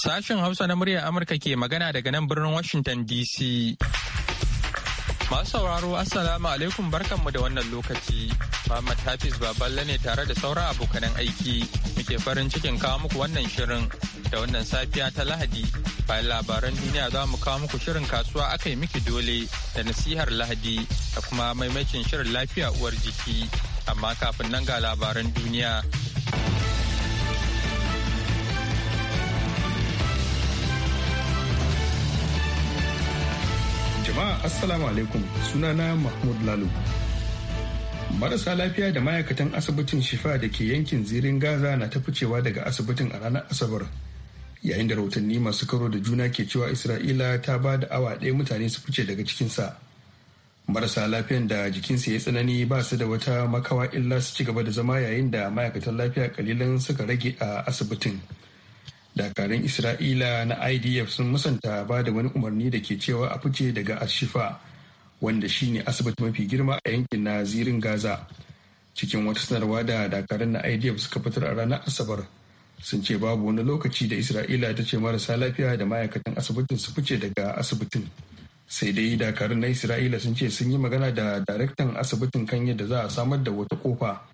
Sashen Hausa na muryar Amurka ke magana daga nan birnin Washington DC. Masu sauraro Assalamu alaikum barkanmu da wannan lokaci. Muhammad Hafiz Baballe ne tare da saura abokanan aiki muke farin cikin kawo muku wannan shirin da wannan safiya ta Lahadi. Bayan labaran duniya za mu kawo muku shirin kasuwa aka yi miki dole da nasihar Lahadi da kuma maimacin shirin lafiya uwar jiki. Amma kafin nan ga labaran duniya. Jama'a Assalamu alaikum sunana Mahmud Lalu. marasa lafiya da ma'aikatan asibitin shifa da ke yankin zirin gaza na ta ficewa daga asibitin a ranar asabar yayin da rahotanni masu karo da juna ke cewa isra'ila ta ba da awa ɗaya mutane su fice daga cikinsa marasa lafiyan da jikinsa ya tsanani ba su da wata makawa illa su ci gaba da zama yayin da ma'aikatan lafiya kalilan suka rage a asibitin dakarun isra'ila na idf sun musanta ba da wani umarni da ke cewa a fice daga ashifa wanda shine asibiti mafi girma a yankin na zirin gaza cikin wata sanarwa da dakarun na idf suka fitar a ranar asabar sun ce babu wani lokaci da isra'ila ta ce marasa lafiya da ma'aikatan asibitin su fice daga asibitin sai dai dakarun na isra'ila sun ce sun yi magana da daraktan asibitin kan yadda za a samar da wata kofa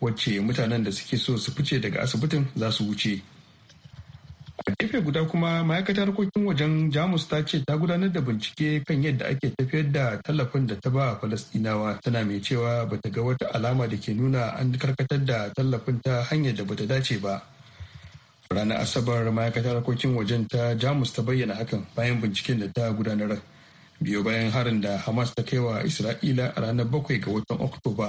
wacce mutanen da suke so su fice daga asibitin za su wuce a gefe guda kuma ma'aikatar harkokin wajen jamus ta ce ta gudanar da bincike kan yadda ake tafiyar da tallafin da ta ba falastinawa tana mai cewa bata ga wata alama da ke nuna an karkatar da tallafin ta hanyar da bata dace ba ranar asabar ma'aikatar harkokin wajen ta jamus ta bayyana hakan bayan binciken da ta gudanar biyo bayan harin da hamas ta kai wa isra'ila a ranar bakwai ga watan oktoba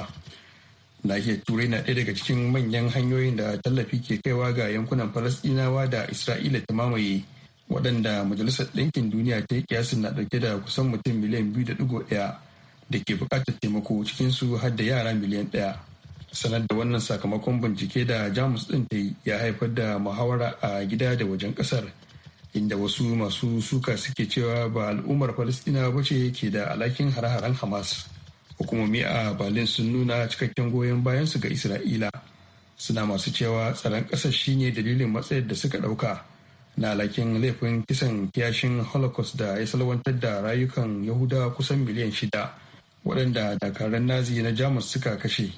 nahiyar turai na ɗaya daga cikin manyan hanyoyin da tallafi ke kaiwa ga yankunan falasɗinawa da isra'ila ta mamaye waɗanda majalisar ɗinkin duniya ta yi kiyasin na ɗauke da kusan mutum miliyan biyu da ɗigo ɗaya da ke buƙatar taimako cikinsu har da yara miliyan ɗaya sanar da wannan sakamakon bincike da jamus ɗin ta yi ya haifar da muhawara a gida da wajen ƙasar inda wasu masu suka suke cewa ba al'ummar palestina ba ce ke da alakin hare-haren hamas hukumomi a berlin sun nuna cikakken goyon bayansu ga isra'ila suna masu cewa tsaron ƙasar shine dalilin matsayar da suka ɗauka na alakin laifin kisan kiyashin holocaust da ya salwantar da rayukan yahuda kusan miliyan shida waɗanda dakarun nazi na jamus suka kashe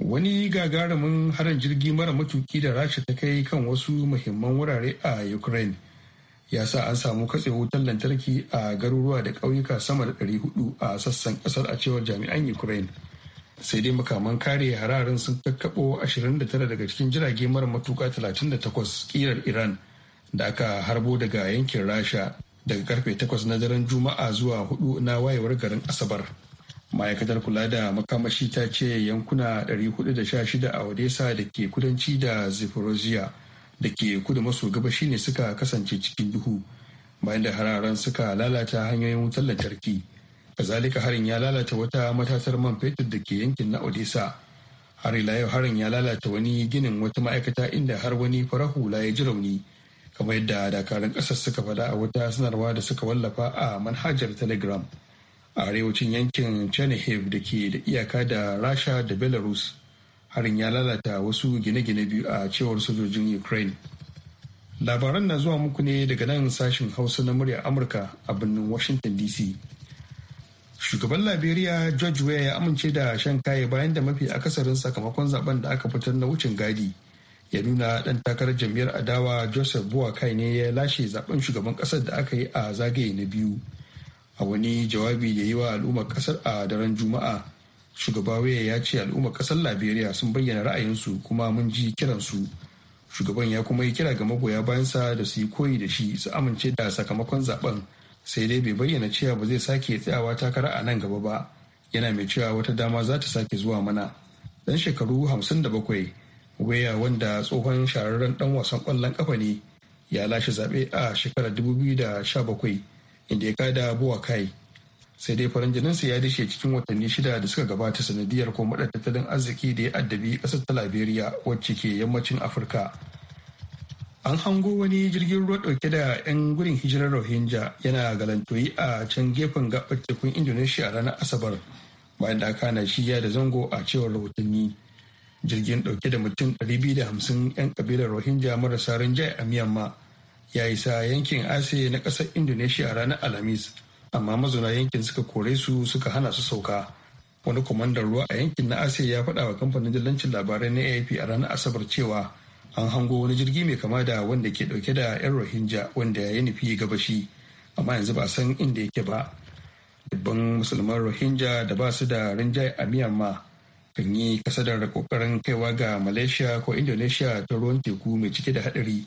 wani gagarumin harin jirgi mara matuki da rasha ta kai kan wasu muhimman wurare a ukraine ya sa an samu katse wutar lantarki a garuruwa da ƙauyuka sama da 400 a sassan ƙasar a cewar jami'an ukraine sai dai makaman kare hararin sun kakkaɓo 29 daga cikin jirage mara matuka 38 kirar iran da aka harbo daga yankin rasha daga karfe 8 na daren juma'a zuwa 4 na wayewar garin asabar ma'aikatar kula da makamashi ta ce yankuna 416 a odessa da ke kudanci da zaporozhia da ke kudu maso gabashi ne suka kasance cikin duhu bayan da hararen suka lalata hanyoyin wutar lantarki kazalika harin ya lalata wata matatar man fetur da ke yankin na odessa har ila yau harin ya lalata wani ginin wata ma'aikata inda har wani farahula ya ji rauni kamar yadda dakarun ƙasar suka faɗa a wata sanarwa da suka wallafa a manhajar telegram a arewacin yankin chernihiv da ke da iyaka da rasha da belarus harin ya lalata wasu gine-gine biyu a cewar sojojin ukraine labaran na zuwa muku ne daga nan sashen hausa na murya amurka a birnin washington dc shugaban liberia george weah ya amince da shan kaye bayan da mafi akasarin sakamakon zaben da aka fitar na wucin gadi ya nuna dan takarar jam'iyyar adawa joseph boakai ne ya lashe zaben shugaban kasar da aka yi a zagaye na biyu a wani jawabi da yi wa al'ummar kasar a daren juma'a shugaba waya ya ce al'ummar kasar liberia sun bayyana ra'ayinsu kuma mun ji kiransu shugaban ya kuma yi kira ga magoya bayansa da su yi koyi da shi su amince da sakamakon zaben sai dai bai bayyana cewa ba zai sake tsayawa takara a nan gaba ba yana mai cewa wata dama za ta sake zuwa mana dan shekaru hamsin da bakwai waya wanda tsohon shahararren dan wasan kwallon kafa ne ya lashe zaɓe a shekarar da bakwai. inda ya kada buwa kai sai dai farin ya dace cikin watanni shida da suka gabata sanadiyar ko tattalin arziki da ya addabi kasar ta liberia wacce ke yammacin afirka an hango wani jirgin ruwa ɗauke da 'yan gudun hijirar rohingya yana galantoyi a can gefen gabar tekun indonesia a ranar asabar bayan da aka hana shi da zango a cewar rahotanni jirgin ɗauke da mutum 250 'yan kabilar rohingya marasa rinjaye a myanmar ya isa yankin ase na ƙasar indonesia a ranar alhamis amma mazauna yankin suka kore su suka hana su sauka wani kwamandan ruwa a yankin na ase ya faɗa wa kamfanin jallancin labarai na afp a ranar asabar cewa an hango wani jirgi mai kama da wanda ke ɗauke da 'yan rohingya wanda ya yi nufi gabashi amma yanzu ba san inda yake ba dubban musulman rohingya da ba su da rinjaye a myanmar kan yi kasadar kokarin kaiwa ga malaysia ko indonesia ta ruwan teku mai cike da haɗari.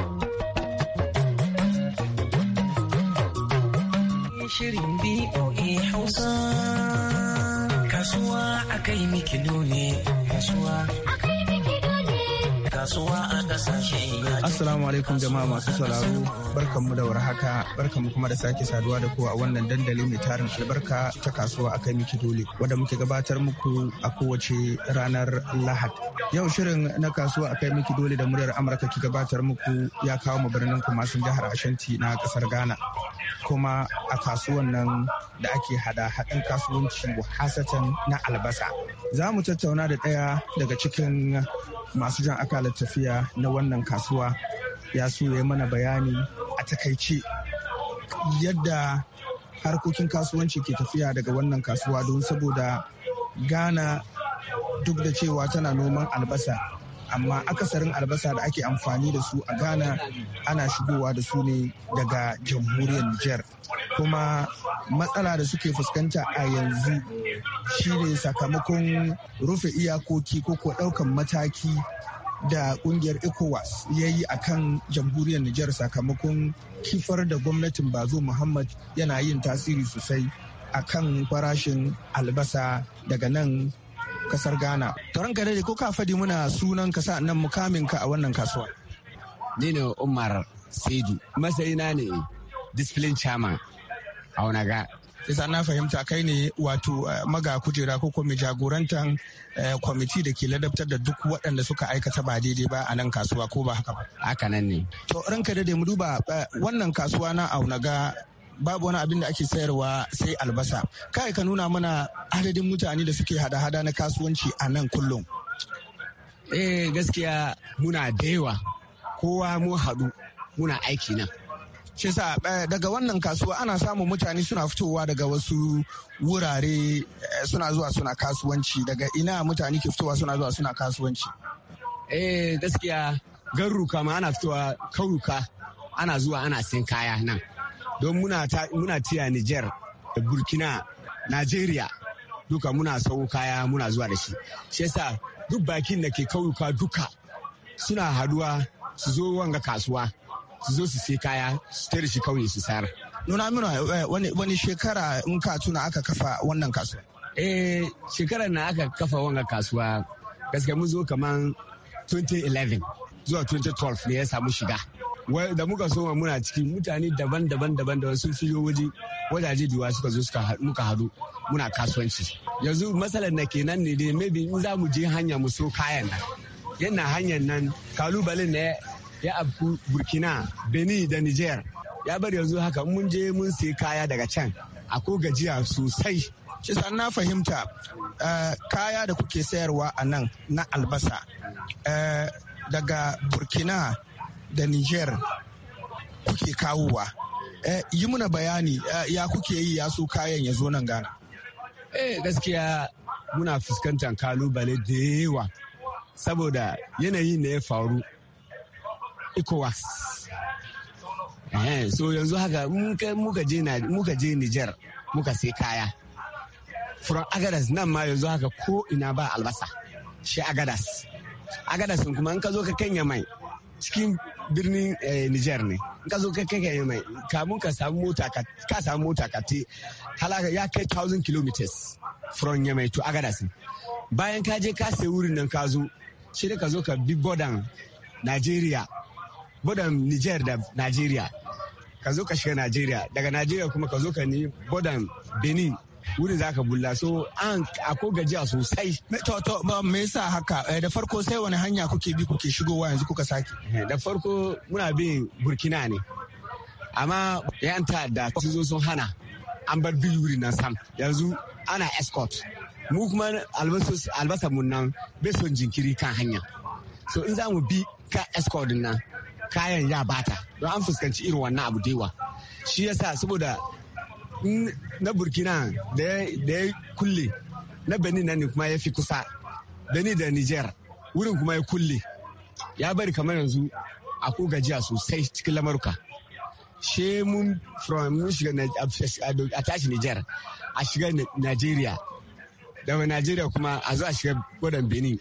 shirin BOA Hausa. Kasuwa a kai miki dole. kasuwa Assalamu alaikum jama'a masu sauraro barkanmu da warhaka barkanmu kuma da sake saduwa da ku a wannan dandali mai tarin albarka ta kasuwa kai miki dole wanda muke gabatar muku a kowace ranar Lahad. Yau shirin na kasuwa kai miki dole da muryar Amurka ki gabatar muku ya kawo mu birnin kuma sun jihar Ashanti na kasar Ghana. kuma a kasuwan nan da ake hada haɗin kasuwanci hasatan na albasa za mu tattauna da ɗaya daga cikin masu jan akalar tafiya na wannan kasuwa ya so ya mana bayani a takaice yadda harkokin kasuwanci ke tafiya daga wannan kasuwa don saboda gana duk da cewa tana noman albasa amma akasarin albasa da ake amfani da su a ghana ana shigowa da su ne daga jamhuriyar niger kuma matsala da suke fuskanta a yanzu shine sakamakon rufe iyakoki ko kuwa ɗaukan mataki da kungiyar ecowas ya yi a kan jamhuriyar niger sakamakon kifar da gwamnatin bazo muhammad yana yin tasiri sosai a kan farashin albasa daga nan kasar ghana to ranka dai ko ka fadi muna sunan ka sa nan mukamin ka a wannan kasuwa ni ne umar saidu masaina ne discipline chairman a ga. isa na fahimta kai ne wato eh, maga kujera ko kuma jagorantan eh, kwamiti da ke ladabtar da duk waɗanda suka aikata ba daidai ba a nan kasuwa ko ba haka ba haka nan ne to ranka da mu duba eh, wannan kasuwa na aunaga babu wani abin da ake sayarwa sai albasa kai ka nuna mana adadin mutane da suke hada-hada na kasuwanci a nan kullum eh gaskiya muna da yawa kowa mu haɗu muna aiki nan shi sa eh, daga wannan kasuwa ana samun mutane suna fitowa daga wasu wurare eh, suna zuwa suna kasuwanci daga ina mutane ke fitowa suna zuwa suna kasuwanci eh gaskiya garuka ma ana fitowa kauruka ana zuwa ana sayan kaya nan don muna ciya Nijar Niger da Burkina, Najeriya duka muna sau kaya muna zuwa da shi. Shi yasa duk bakin da ke kauyuka duka suna haduwa su zo wanga kasuwa su zo su sai kaya su tare shi kauye su sayar. Nuna mino eh, wani shekara in ka tuna aka kafa wannan kasuwa? Eh shekarar na aka kafa wanga kasuwa gaskiya mun zo kaman 2011 zuwa 2012 ne ya samu shiga. da muka soma muna ciki mutane daban-daban daban da sun fiyo waje wajaje duwa suka zo suka muka hadu muna kasuwanci yanzu matsalar na kenan ne dai maybe in za mu je hanya mu so kayan nan yana hanyar nan kalubalen na ya abu burkina benin da niger ya bar yanzu haka mun je mun sai kaya daga can a ko gajiya sosai Kisa na fahimta eh, kaya da kuke sayarwa a nan na albasa eh, daga burkina da niger kuke kawowa eh, yi muna bayani eh, ya kuke yi ya su kayan ya zo nan gana eh gaskiya muna fuskantar kalubale da yawa saboda yanayin da ya faru ecowas eh, so yanzu haka muka je niger muka sai kaya furan agadas nan ma yanzu haka ko ina ba albasa shi agadas agadas kuma in ka zo ka kanya mai cikin birnin eh, Niger ne in ka zo kai kai kai mai kamun ka samu mota ka ka samu mota ka ti halaka ya kai 1000 kilometers from Yemen to Agadasi bayan ka je ka sai wurin nan ka zo shi ka zo ka bi bodan Nigeria bodan Niger da Nigeria ka zo ka shiga Nigeria daga Nigeria kuma ka zo ka ni bodan Benin wurin za ka bulla so an ko gajiya sosai. To to me yasa haka eh, da farko sai wani hanya kuke bi kuke shigowa yanzu kuka sake. Eh, da farko muna bin Burkina ne. Amma yan ta'adda sun zo sun hana an bar bin wurin nan sam yanzu ana escort. Mu kuma albasa mun nan bai son jinkiri kan hanya. So in za mu bi ka escort nan kayan ya bata don an fuskanci irin wannan abu da yawa. Shi yasa saboda na burkina da ya kulle na benin nan kuma ya fi kusa benin da niger wurin kuma ya kulle ya bari kamar yanzu a ko gajiya sosai cikin lamarka she mun from shiga a tashi niger a shiga nigeria daga nigeria kuma a zo a shiga gwadon benin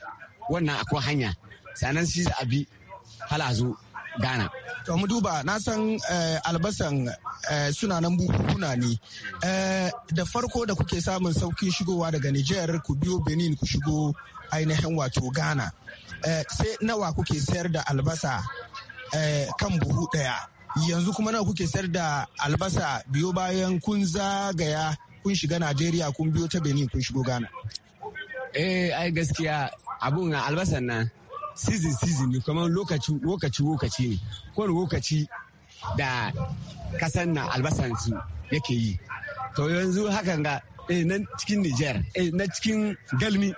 wannan akwai hanya sanan shi za a bi hala zo Ghana. To mu duba na san eh, albasan eh, suna nan buhuhuna ne. Eh, da farko da kuke samun saukin shigowa daga Nijar ku biyo Benin ku shigo ainihin wato Ghana. Sai nawa kuke sayar da albasa kan buhu ɗaya. Yanzu kuma nawa kuke sayar da albasa biyo bayan kun zagaya kun shiga Najeriya kun biyo ta Benin kun shigo Ghana. Eh ai gaskiya abun albasan nan season season ne kamar lokaci lokaci lokaci ne ko lokaci da kasan na albasan su yake yi to yanzu hakan ga eh nan cikin Niger eh na cikin galmi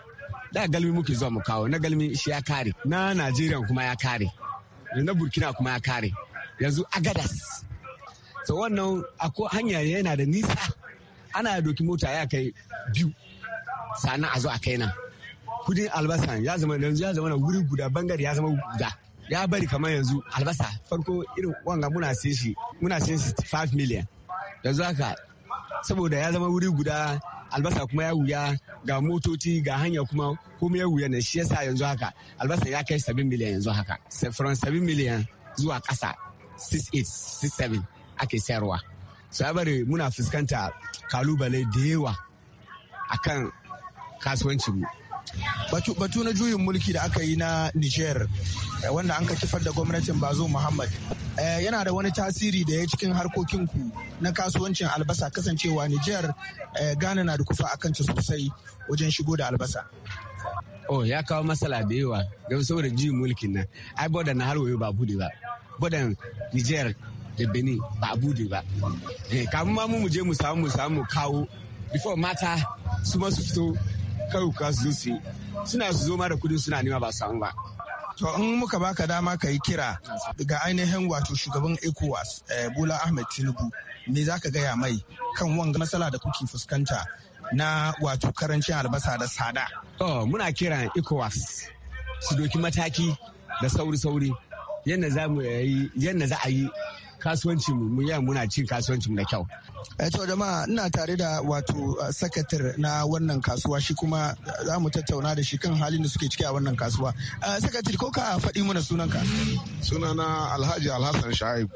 da galmi muke zuwa mu kawo na galmi shi ya kare na Najeriya kuma ya kare na Burkina kuma ya kare yanzu Agadas to wannan akwai hanya yana da nisa ana doki mota ya kai biyu sannan a zo a kai nan kudin albasa ya zama yanzu ya zama wuri guda bangare ya zama guda ya bari kamar yanzu albasa farko irin wanga muna sayen shi muna sayen shi 5 million yanzu haka saboda ya zama wuri guda albasa kuma ya wuya ga motoci ga hanya kuma komai ya wuya ne shi yasa yanzu haka albasa ya kai 7 million yanzu haka from 7 million zuwa kasa 68 67 ake sayarwa so ya bari muna fuskanta kalubale da yawa akan kasuwancinmu batu na juyin mulki da aka yi na niger wanda an ka kifar da gwamnatin bazo muhammad eh, yana da wani tasiri da ya cikin harkokinku na kasuwancin albasa kasancewa niger eh, ghana na da kufa a ta sosai wajen shigo da albasa oh ya kawo matsala da yawa don saboda juyin mulkin nan ai bodan na harwayo ba bude ba bodan niger da benin ba bude ba eh, kamun ma mu je mu samu mu samu kawo before mata su ma su fito kai su su suna su zo ma da kudin suna nema ba samu ba To in muka baka dama ka yi kira ga ainihin wato shugaban ECOWAS eh, Bola Ahmed Tinubu me za ka gaya mai kan wanga matsala da kuke fuskanta na wato karancin albasa da sada. To muna kira ECOWAS su doki mataki da sauri-sauri yadda za a yi kasuwanci mu mun yi muna cin kasuwanci mu da kyau eh to jama'a ina tare da wato uh, sakatar na wannan kasuwa shi kuma uh, za mu tattauna da shi kan halin da suke ciki a wannan kasuwa uh, sakatar ko ka faɗi mana sunanka sunana Alhaji Alhassan Shaib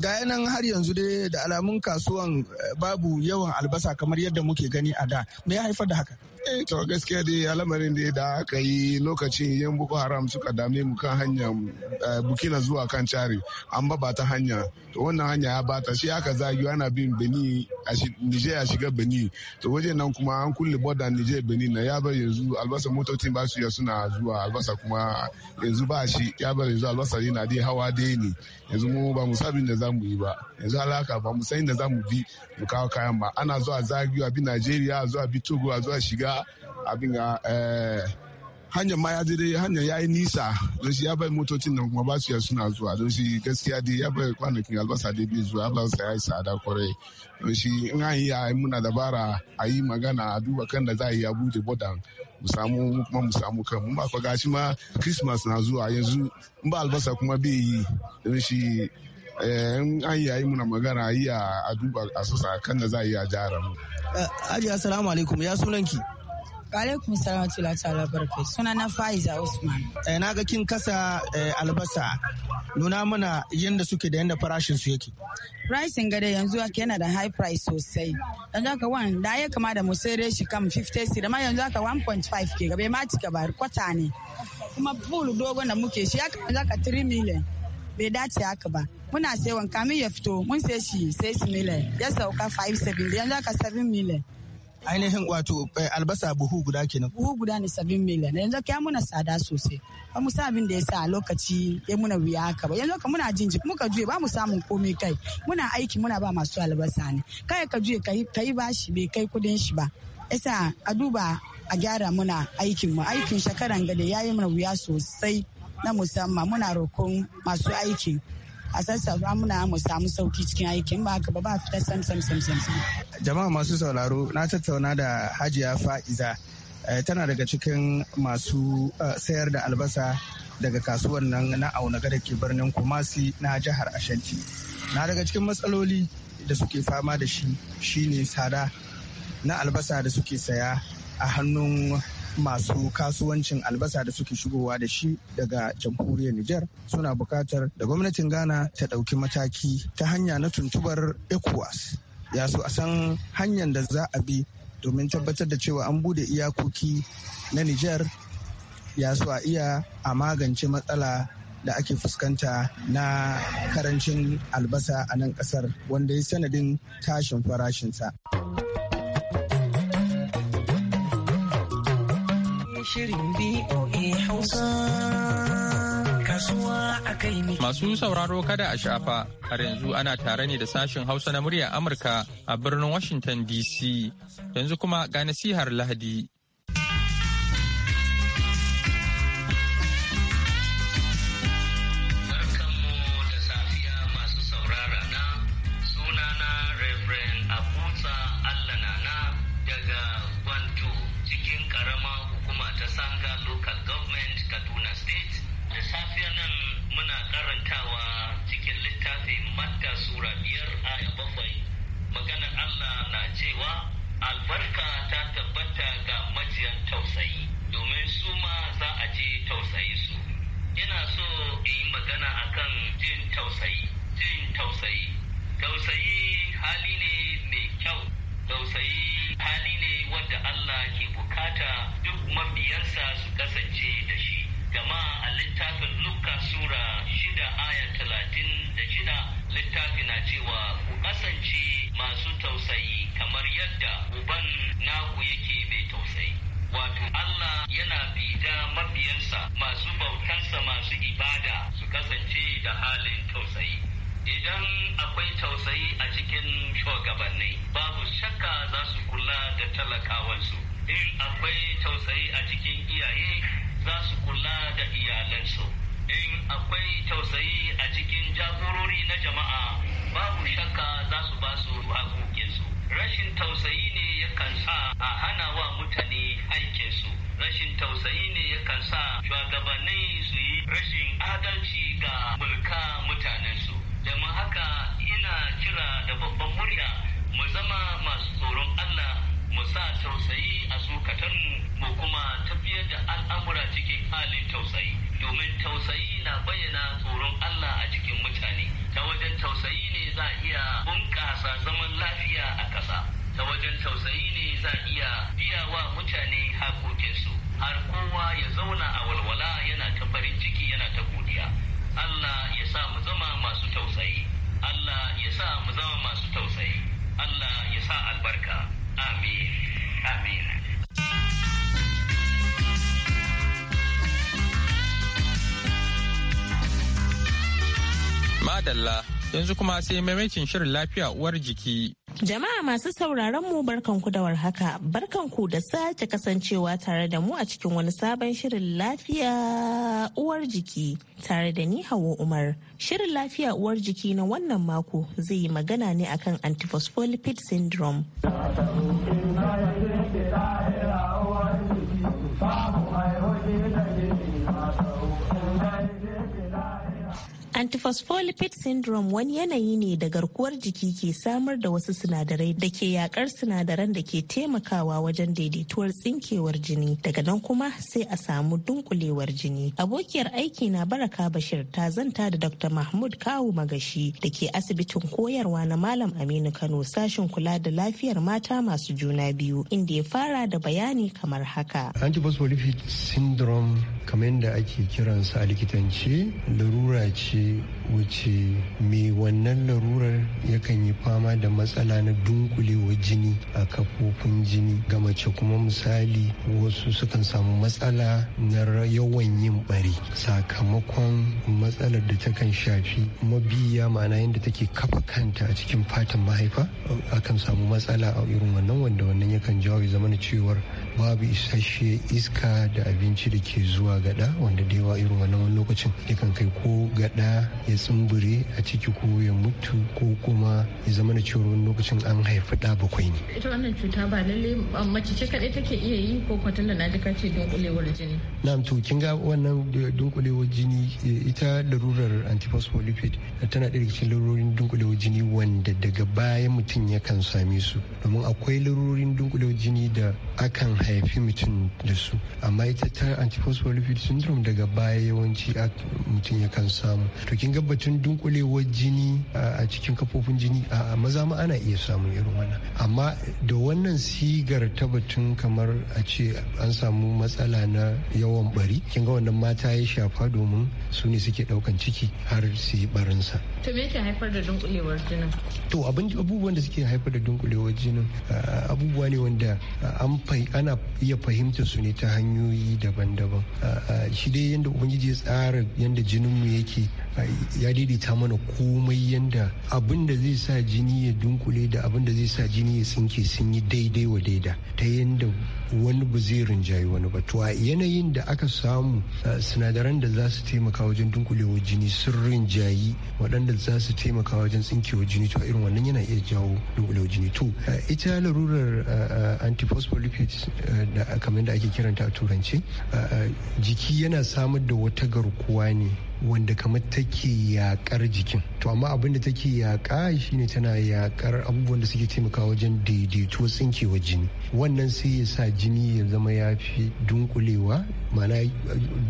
ga yanan har yanzu dai da alamun kasuwan eh, babu yawan albasa kamar yadda muke gani a da me ya haifar da haka eh to gaskiya dai al'amarin dai da aka yi lokacin yan boko haram suka dame mu kan hanya eh, bukina zuwa kan cari an ba ta hanya to wannan hanya ya bata shi aka zagi ana bin benin niger ya shiga benin to waje nan kuma an kulle border niger benin na ya bar yanzu albasa motocin ba su ya suna zuwa albasa kuma yanzu ba shi ya bar yanzu albasa yana dai hawa dai ne yanzu mu ba mu sabin da za mu yi ba yanzu alaka ba mu san da za mu bi mu kawo kayan ba ana zuwa zagiyo bi najeriya zuwa bi togo a zuwa shiga abin ga eh, hanyar ma ya dai hanyar ya yi nisa don shi ya bai motocin nan kuma ba su na zuwa don shi gaskiya dai ya bai kwanakin albasa dai bai zuwa albasa ya yi tsada kwarai don shi in an yi yayin muna dabara a yi magana a duba kan da za a yi abu bude bodan mu samu kuma mu samu kan mu ba gashi ma christmas na zuwa yanzu in ba albasa kuma bai yi don shi in an yayi muna magana yi a duba a sassa kan da za a yi a jihar mu. Eh, Aji assalamu alaikum ya sunan ki. alaikum salam tula ta'ala barkai suna na faiza usman eh, na ga kin kasa eh, albasa nuna mana yadda suke da yadda farashin su yake pricing gada yanzu ake yana da high price sosai yanzu aka wan da ya kama da mu sai shi kam 50 da ma yanzu aka 1.5 ke gabe ma cika ba kwata ne kuma pool dogon da muke shi ya kama zaka 3 million bai dace haka ba muna wanka min ya fito mun sai shi sai su mile ya sauka 570 yanzu aka 7 mile ainihin wato eh, albasa buhu guda kenan buhu guda ne 7 mile yanzu kya muna sada sosai ba mu sa abin da ya sa a lokaci ya muna wuya haka ba yanzu ka muna jin jiki muka juye ba mu samun komai kai muna aiki muna ba masu albasa ne kai ka juye kai bashi bai kai kudin shi ba yasa a duba a gyara muna aikin mu aikin shakaran gade yi mana wuya sosai na musamman muna roƙon masu aiki a sassafa muna mu samu sauki cikin aikin ba ka ba ba fita sam sam sam sam jama'a masu sauraro na tattauna da hajiya fa'iza eh, tana daga cikin masu eh, sayar da albasa daga kasuwar nan na aunaga da ke birnin kumasi na jihar ashanti na daga cikin matsaloli da suke fama da shi shine tsada na albasa da suke saya a hannun masu kasuwancin albasa da suke shigowa da shi daga jamhuriyar Nijar suna bukatar da gwamnatin Ghana ta ɗauki mataki ta hanya na tuntubar ECOWAS. Ya so a san hanyar da za a bi domin tabbatar da cewa an bude iyakoki na Nijar ya so a iya a magance matsala da ake fuskanta na karancin albasa a nan kasar wanda ya sanadin tashin farashinsa. shirin BOA Hausa. Masu sauraro kada a shafa, har yanzu ana tare ne da sashen Hausa na muryar Amurka a birnin Washington DC. Yanzu kuma ga nasihar Lahadi. ibada su kasance da halin tausayi idan akwai tausayi a cikin shugabanni babu shakka za su kula da talakawansu in akwai tausayi a cikin iyaye za su kula da iyalansu in akwai tausayi a cikin jagorori na jama'a babu shakka za su ba su hagu rashin tausayi ne yakan sa a hana wa mutane aikinsu rashin tausayi ne yakan sa shugabanni su yi rashin adalci ga mulka mutanensu domin haka ina kira da babban murya mu zama masu tsoron allah mu sa tausayi a zukatanmu mu kuma tafiyar da al'amura cikin halin tausayi domin tausayi na bayyana tsoron Allah a cikin mutane ta wajen tausayi ne za a iya bunƙasa zaman lafiya a ƙasa ta wajen tausayi ne za a iya biya wa mutane hakokinsu har kowa ya zauna a walwala yana ta farin ciki yana ta godiya Allah ya sa mu zama masu tausayi Allah ya sa mu zama masu tausayi Allah ya sa albarka amin amin Madalla yanzu kuma sai maimakin shirin lafiya uwar jiki. Jama'a masu sauraron mu barkanku da warhaka, barkanku da sake kasancewa tare da mu a cikin wani sabon shirin lafiya uwar jiki tare da ni Hauwa Umar. Shirin lafiya uwar jiki na wannan mako zai yi magana ne akan antiphospholipid syndrome. Antiphospholipid syndrome wani yanayi ne da garkuwar jiki ke samar da wasu sinadarai da ke yakar sinadaran da ke taimakawa wajen daidaituwar tsinkewar jini daga nan kuma sai a samu dunkulewar jini. Abokiyar aiki na Baraka Bashir ta zanta da Dr. Mahmud Kawu Magashi da ke asibitin koyarwa na Malam Aminu Kano sashen kula da lafiyar mata masu juna biyu inda ya fara da bayani kamar haka. Antiphospholipid syndrome kamar yadda ake kiransa a likitance larura ce You. Wuce me wannan larurar yakan yi fama da matsala na dunkulewar jini a kafofin jini ga mace kuma misali wasu sukan samu matsala na yawan yin bari sakamakon matsalar da takan shafi mabiya ma'ana yadda take kafa kanta a cikin fatan mahaifa akan samu matsala a irin wannan wanda wannan yakan jawo ya zama cewar babu isasshe iska da abinci da ke zuwa gada wanda da yawa irin wannan lokacin yakan kai ko gada ya sumbure a ciki ko ya mutu ko kuma ya zama na cewa wani lokacin an haifi ɗa bakwai ne. ita wannan cuta ba lalle mace ce kaɗai take iya yi ko kwatan da na ji kace dunkulewar jini. na'am to kin ga wannan dunkulewar jini ita larurar antiphospholipid tana ɗaya cikin larurorin dunkulewar jini wanda daga baya mutum kan same su domin akwai larurorin dunkulewar jini da akan haifi mutum da su amma ita ta antiphospholipid syndrome daga baya yawanci mutum kan samu to kin ga ga batun dunkulewar jini a cikin kafofin jini a maza ma ana iya samun irin wannan amma da wannan sigar ta batun kamar a ce an samu matsala na yawan bari kin ga wannan mata ya shafa domin su ne suke daukan ciki har su yi barinsa to me yake haifar da dunkulewar jinin to abin abubuwan da suke haifar da dunkulewar jinin abubuwa ne wanda an ana iya fahimta su ne ta hanyoyi daban-daban shi dai yadda ubangiji ya tsara yadda jinin mu yake ya daidaita mana komai yanda abin da zai sa jini ya dunkule da abin da zai sa jini ya tsinke sun yi daidai wa daida ta yanda wani ba zai rinjayi wani ba to a yanayin da aka samu sinadaran da za su taimaka wajen dunkulewa jini sun rinjayi waɗanda za su taimaka wajen tsinkewa jini to irin wannan yana iya jawo dunkulewa jini to ita larurar antiphospholipids da kamar da ake kiranta a turanci jiki yana samar da wata garkuwa ne wanda kamar take yakar jikin to amma abin da take yaka shine tana yakar abubuwan da suke taimakawa wajen daidaito tsinkewa jini wannan sai ya sa jini ya zama ya fi dunkulewa mana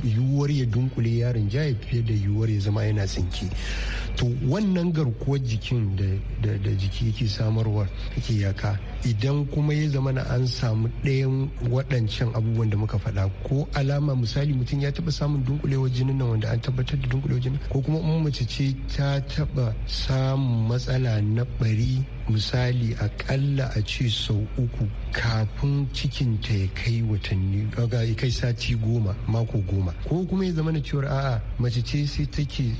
yiwuwar ya dunkule yaron ya fiye da yiwuwar ya zama yana tsinke to wannan garkuwar jikin da jiki yake samarwa yake yaka idan kuma ya zama na an samu ɗayan waɗancan abubuwan da muka faɗa ko alama misali mutum ya taɓa samun dunkulewar jinin nan wanda an tabbatar da dunkulewar jinin ko kuma in mace ce ta taɓa samun matsala na ɓari misali akalla a ce sau uku kafin cikin ta ya kai watanni ya kai sati goma mako goma ko kuma ya zama na cewar a'a mace ce sai ke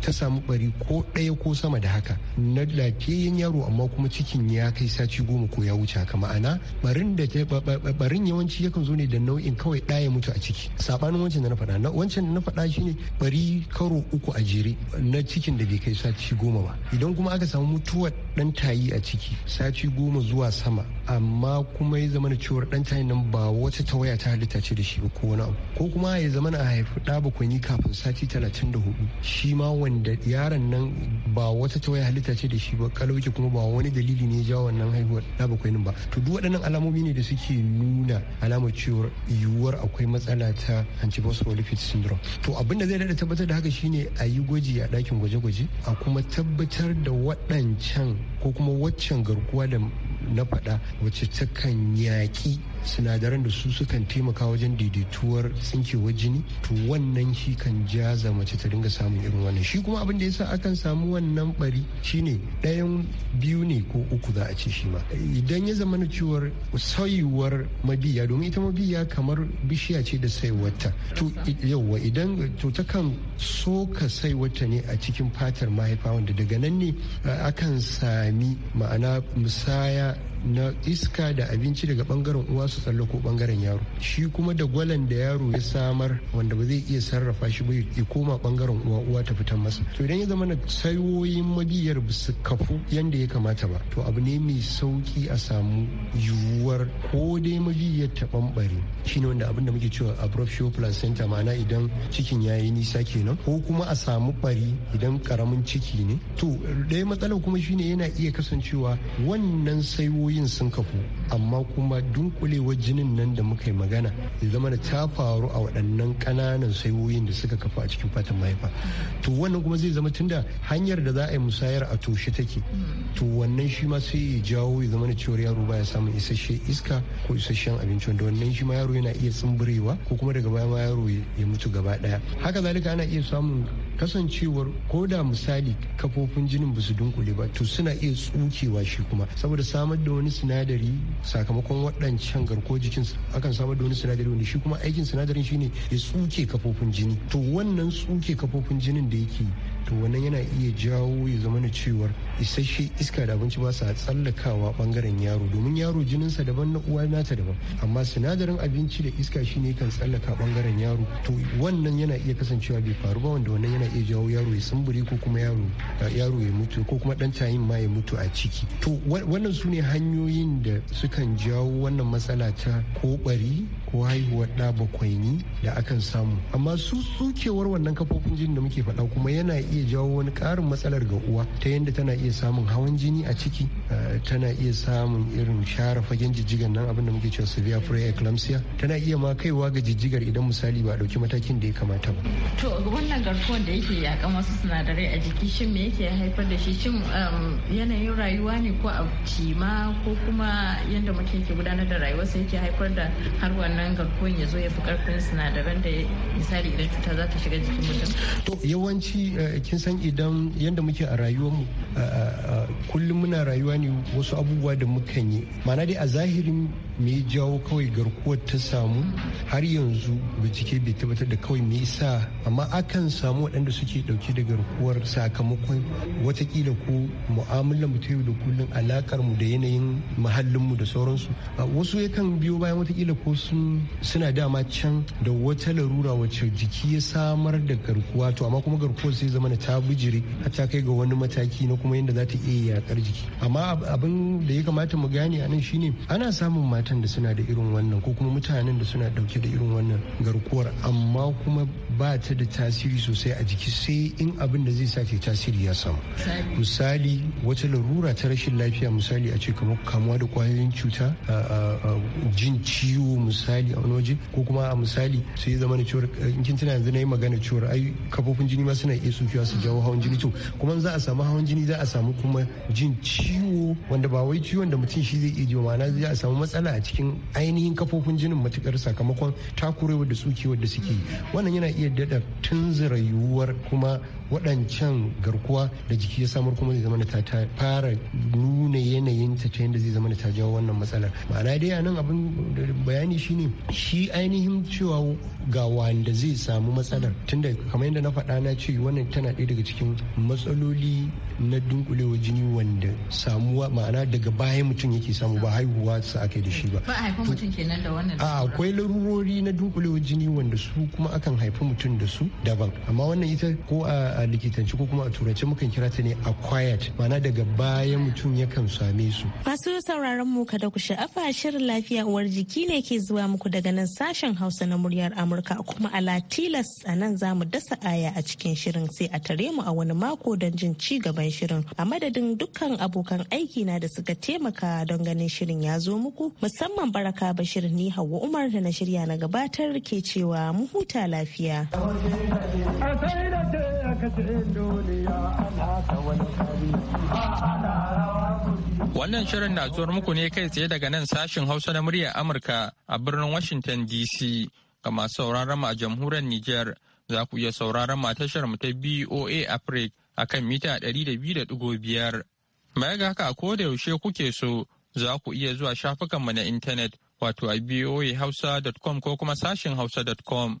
ta samu bari ko ɗaya ko sama da haka na lafiyayyen yaro amma kuma cikin ya kai sati goma ko ya wuce haka ma'ana barin yawanci yakan zo ne da nau'in kawai ɗaya mutu a ciki sabanin wancan da na faɗa wancan da na faɗa shine bari karo uku a jere na cikin da bai kai sati goma ba idan kuma aka samu mutuwar ɗan tayi yi a ciki sati goma zuwa sama amma kuma ya zama cewar dan cani nan ba wata tawaya ta halitta ce da shi ba ko wani abu ko kuma ya zama a haifi da bakwai ni kafin sati talatin da hudu shi ma wanda yaron nan ba wata tawaya halitta ce da shi ba kalauki kuma ba wani dalili ne ya jawo wannan haihuwar da bakwai nan ba to duk waɗannan alamomi ne da suke nuna alamar cewar yiwuwar akwai matsala ta antibiotic syndrome to abin da zai daɗa tabbatar da haka shine a yi gwaji a ɗakin gwaje-gwaje a kuma tabbatar da waɗancan ko kuma waccan garkuwa da na faɗa wacce takan yaƙi sinadaran da su sukan taimaka wajen daidaituwar tsinkewar jini to wannan shi kan jaza mace ta dinga samun irin wannan shi kuma abin da yasa akan samu wannan bari shine ɗayan biyu ne ko uku za a ce shi ma idan ya zama na cewar sayuwar mabiya domin ita mabiya kamar bishiya ce da saiwarta to yauwa idan to ta kan so soka saiwarta ne a cikin fatar mahaifa wanda daga nan ne akan sami ma'ana musaya na iska da abinci daga bangaren uwa su tsallako bangaren yaro shi kuma da gwalan da yaro ya samar wanda ba zai iya sarrafa shi ba ya koma bangaren uwa uwa ta fitan masa to idan ya zama na sayoyin mabiyar ba su kafu yanda ya kamata ba to abu ne mai sauki a samu yiwuwar ko dai mabiyar ta bambare shine wanda abin da muke cewa abrofio placenta ma'ana idan cikin ya yi nisa kenan ko kuma a samu bari idan karamin ciki ne to ɗaya matsalar kuma shine yana iya kasancewa wannan saiwo hanyoyin sun kafu amma kuma dunkulewar jinin nan da muka yi magana ya zama da ta faru a waɗannan ƙananan saiwoyin da suka kafu a cikin fatan mahaifa to wannan kuma zai zama tunda hanyar da za a yi musayar a toshe take to wannan shi ma sai ya jawo ya zama da cewar yaro baya samun isasshe iska ko isasshen abinci wanda wannan shi ma yaro yana iya tsumburewa ko kuma daga baya ma yaro ya mutu gaba ɗaya haka zalika ana iya samun kasancewar ko da misali kafofin jinin ba su dunkule ba to suna iya tsukewa shi kuma saboda samar da wani sinadari sakamakon waɗancan garko jikin akan samar da wani sinadari wanda shi kuma aikin sinadarin shine ya tsuke kafofin jini to wannan tsuke kafofin jinin da yake to wannan yana iya jawo ya zama na cewar isasshe iska da abinci ba sa tsallakawa bangaren yaro domin yaro jininsa daban na uwa nata daban amma sinadarin abinci da iska shine kan tsallaka bangaren yaro to wannan yana iya kasancewa bai faru ba wanda wannan yana iya jawo yaro ya sumbure ko kuma yaro yaro ya mutu ko kuma dan tayin ma ya mutu a ciki to wannan sune hanyoyin da sukan jawo wannan matsala ta ko ɓari. ko haihuwar bakwai bakwaini da akan samu amma su tsukewar wannan kafofin jini da muke faɗa kuma yana iya jawo wani ƙarin matsalar ga uwa ta yadda tana iya samun hawan jini a ciki eh, tana iya samun irin share fagen jijjigan nan abin da muke cewa severe preeclampsia tana iya ma kaiwa ga jijjigar idan misali ba dauki matakin da ya kamata ba. to wannan garkuwan da yake yakan wasu sinadarai a jiki shin me yake haifar da shi shin um, yanayin rayuwa ne ko a ma ko kuma yadda mutum ke gudanar da rayuwarsa yake haifar da har wannan bayan garkuwan ya zo ya fi karfin sinadaran da misali idan cuta za ta shiga jikin mutum to yawanci eh, kin san idan yadda muke a rayuwarmu kullum muna rayuwa ne wasu abubuwa da mukan yi mana dai a zahirin me jawo kawai garkuwar ta samu har yanzu bincike bai tabbatar da kawai me sa amma akan samu waɗanda suke ɗauke da garkuwar sakamakon watakila ko mu'amalar mu ta yau da kullum alakar mu da yanayin muhallin mu da sauransu wasu yakan biyo bayan watakila ko sun suna dama can da wata larura wacce jiki ya samar da garkuwa to amma kuma garkuwar sai zama ta bijire har ta kai ga wani mataki na kuma yadda za ta iya yakar jiki amma abin da ya kamata mu gane a nan shine ana samun matan da suna da irin wannan ko kuma mutanen da suna dauke da irin wannan garkuwar amma kuma ba ta da tasiri sosai a jiki sai in abin da zai sake tasiri ya samu misali wata larura ta rashin lafiya misali a ce kamar kamuwa da kwayoyin cuta jin ciwo misali a wani ko kuma a misali sai ya zama na cewar eh, kin tana yanzu na yi magana cewar ai kafofin jini ma suna iya sukiwa su jawo hawan jini to kuma za a samu hawan jini za za a samu kuma jin ciwo wanda ba wai ciwon da mutum shi zai iya jiwa ma'ana zai a samu matsala a cikin ainihin kafofin jinin matukar sakamakon takurewar da tsukewar da suke wannan yana iya dada tunzura yiwuwar kuma waɗancan garkuwa da jiki ya samar kuma zai zama ta fara nuna yanayin ta ta yadda zai zama ta jawo wannan matsalar ma'ana dai a nan abin bayani shine shi ainihin cewa ga wanda zai samu matsalar tunda kamar yadda na faɗa na ce wannan tana ɗaya daga cikin matsaloli na dunkulewa jini wanda samuwa ma'ana daga baya mutum yake samu ba haihuwa sa aka yi da shi ba ba haifi mutum kenan da wannan akwai larurori na dunkulewa jini wanda su kuma akan haifi mutum da su daban amma wannan ita ko a a likitanci ko kuma a turanci mukan kira ta ne a acquired mana daga bayan mutum yakan same su. Masu sauraron mu kada ku sha'afa shirin lafiya uwar jiki ne ke zuwa muku daga nan sashen Hausa na muryar Amurka kuma a Latilas a nan za mu dasa aya a cikin shirin sai a tare mu a wani mako don jin ci gaban shirin. A madadin dukkan abokan aiki na da suka taimaka don ganin shirin ya zo muku musamman Baraka Bashir ni Hauwa Umar da na shirya na gabatar ke cewa mu huta lafiya. Wannan shirin na zuwar muku ne kai tsaye daga nan sashin Hausa na muryar Amurka a birnin Washington DC ga masu sauraron a jamhuriyar Nijar za ku iya sauraron ma tashar mu ta BOA Africa a kan mita 200.5. Ma ga haka ko da yaushe kuke so za ku iya zuwa shafukanmu na intanet wato a boahausa.com ko kuma sashin hausa.com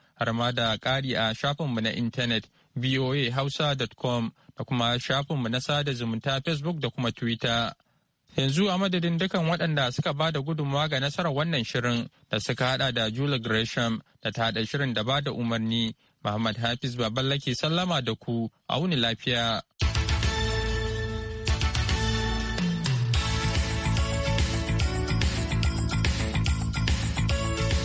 har ma da ƙari a shafinmu na intanet voahausa.com da kuma shafinmu na sada zumunta facebook da kuma twitter. Yanzu a madadin dukan waɗanda suka ba da gudunmawa ga nasarar wannan shirin da suka haɗa da Julie Gresham da ta haɗa shirin da ba da umarni, Muhammad Hafiz Baballake sallama da ku, a wuni lafiya.